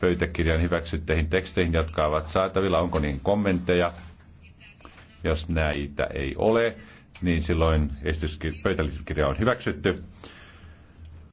pöytäkirjan hyväksytteihin teksteihin, jotka ovat saatavilla. Onko niin kommentteja? Jos näitä ei ole, niin silloin pöytäkirja on hyväksytty.